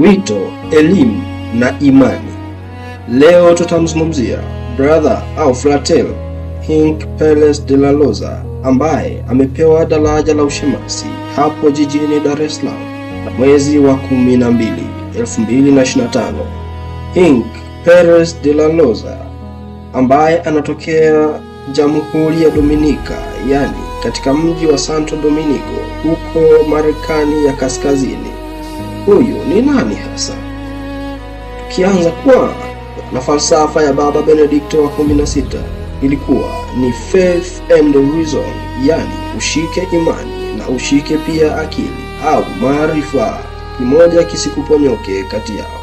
Wito, elimu na imani. Leo tutamzungumzia brother au fratel Hink peles de la Loza ambaye amepewa daraja la ushemasi hapo jijini Dar es Salaam na mwezi wa 12, 2025. Hink peres de la Loza ambaye anatokea Jamhuri ya Dominika, yani katika mji wa Santo Domingo huko Marekani ya Kaskazini huyu ni nani hasa? Tukianza kwa na falsafa ya Baba Benedikto wa 16 ilikuwa ni faith and reason, yani ushike imani na ushike pia akili au maarifa, kimoja kisikuponyoke kati yao.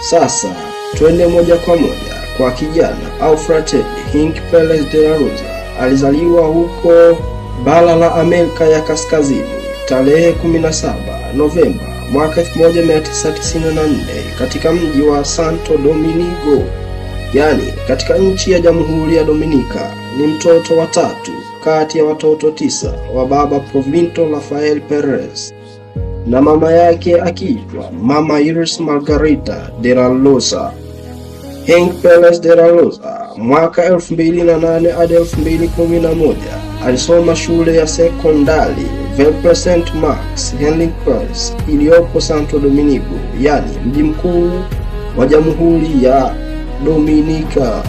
Sasa twende moja kwa moja kwa kijana au Fratelli Henk Perez de la Rosa. Alizaliwa huko bara la Amerika ya Kaskazini tarehe 17 Novemba mwaka 1994 katika mji wa Santo Domingo, yani katika nchi ya Jamhuri ya Dominika. Ni mtoto wa tatu kati ya watoto tisa wa baba Provinto Rafael Perez na mama yake akiitwa Mama Iris Margarita de la Rosa. Hank Perez de la Rosa mwaka 2008 hadi 2011 alisoma shule ya sekondari Vincent Max Handling Place iliyopo Santo Domingo, yani mji mkuu wa Jamhuri ya dominica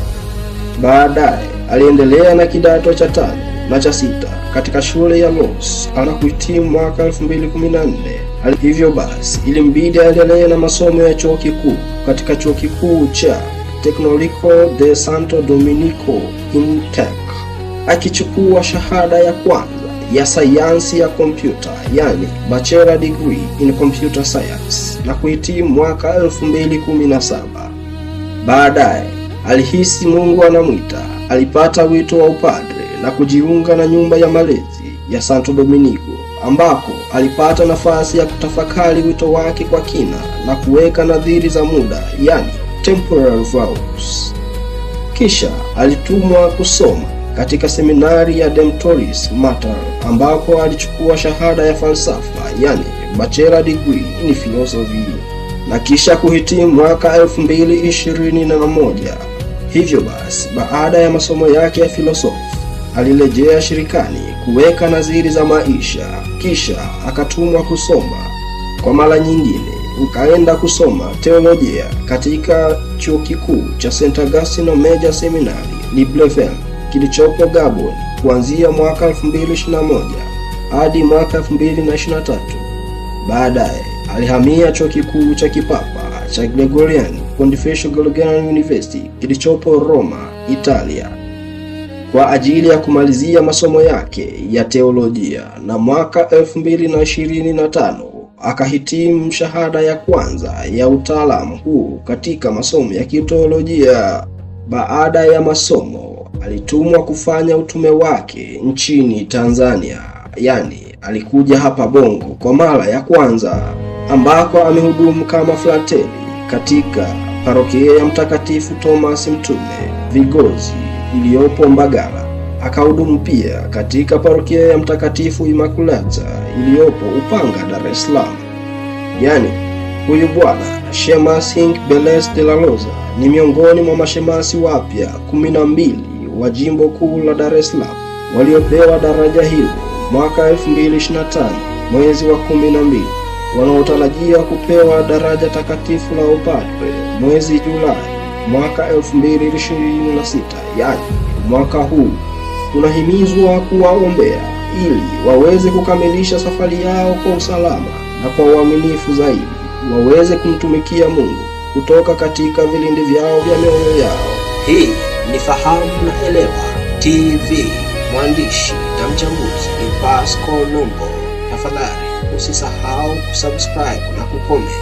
Baadaye aliendelea na kidato cha tano na cha sita katika shule ya Los na mwaka 2014. Hivyo basi ilimbidi aendelee na masomo ya chuo kikuu katika chuo kikuu cha Tecnolico de Santo Domingo INTEC akichukua shahada ya kwanza ya sayansi ya kompyuta yani bachelor degree in computer science na kuhitimu mwaka 2017. Baadaye alihisi Mungu anamwita, alipata wito wa upadre na kujiunga na nyumba ya malezi ya Santo Domingo ambako alipata nafasi ya kutafakari wito wake kwa kina na kuweka nadhiri za muda yani temporary vows. Kisha alitumwa kusoma katika seminari ya Demtoris Mater ambako alichukua shahada ya falsafa, yani bachelor degree in philosophy na kisha kuhitimu mwaka 2021. Hivyo basi, baada ya masomo yake ya filosofi alirejea shirikani kuweka nadhiri za maisha, kisha akatumwa kusoma kwa mara nyingine, ukaenda kusoma teolojia katika chuo kikuu cha St Augustine Major Seminary ni Libreville kilichopo Gabon kuanzia mwaka 2021 hadi mwaka 2023. Baadaye alihamia chuo kikuu cha kipapa cha Gregorian Pontificio Gregorian University kilichopo Roma, Italia kwa ajili ya kumalizia masomo yake ya teolojia na mwaka 2025 akahitimu shahada ya kwanza ya utaalamu huu katika masomo ya kiteolojia. Baada ya masomo alitumwa kufanya utume wake nchini Tanzania, yani alikuja hapa Bongo kwa mara ya kwanza, ambako amehudumu kama flateli katika parokia ya Mtakatifu Thomas Mtume Vigozi iliyopo Mbagala. Akahudumu pia katika parokia ya Mtakatifu Imakulata iliyopo Upanga, Dar es Salaam. Yani huyu bwana Shemasi Hink Beles de la Rosa ni miongoni mwa mashemasi wapya kumi na mbili wa Jimbo Kuu la Dar es Salaam waliopewa daraja hilo mwaka 2025 mwezi wa 12 wanaotarajia kupewa daraja takatifu la upadre mwezi Julai mwaka 2026, yani mwaka huu, tunahimizwa kuwaombea ili waweze kukamilisha safari yao kwa usalama na kwa uaminifu zaidi, waweze kumtumikia Mungu kutoka katika vilindi vyao vya mioyo yao. Hii fahamu na Elewa TV. Mwandishi na mchambuzi ni Pascal Numbo. Tafadhali usisahau kusubscribe na kucomment.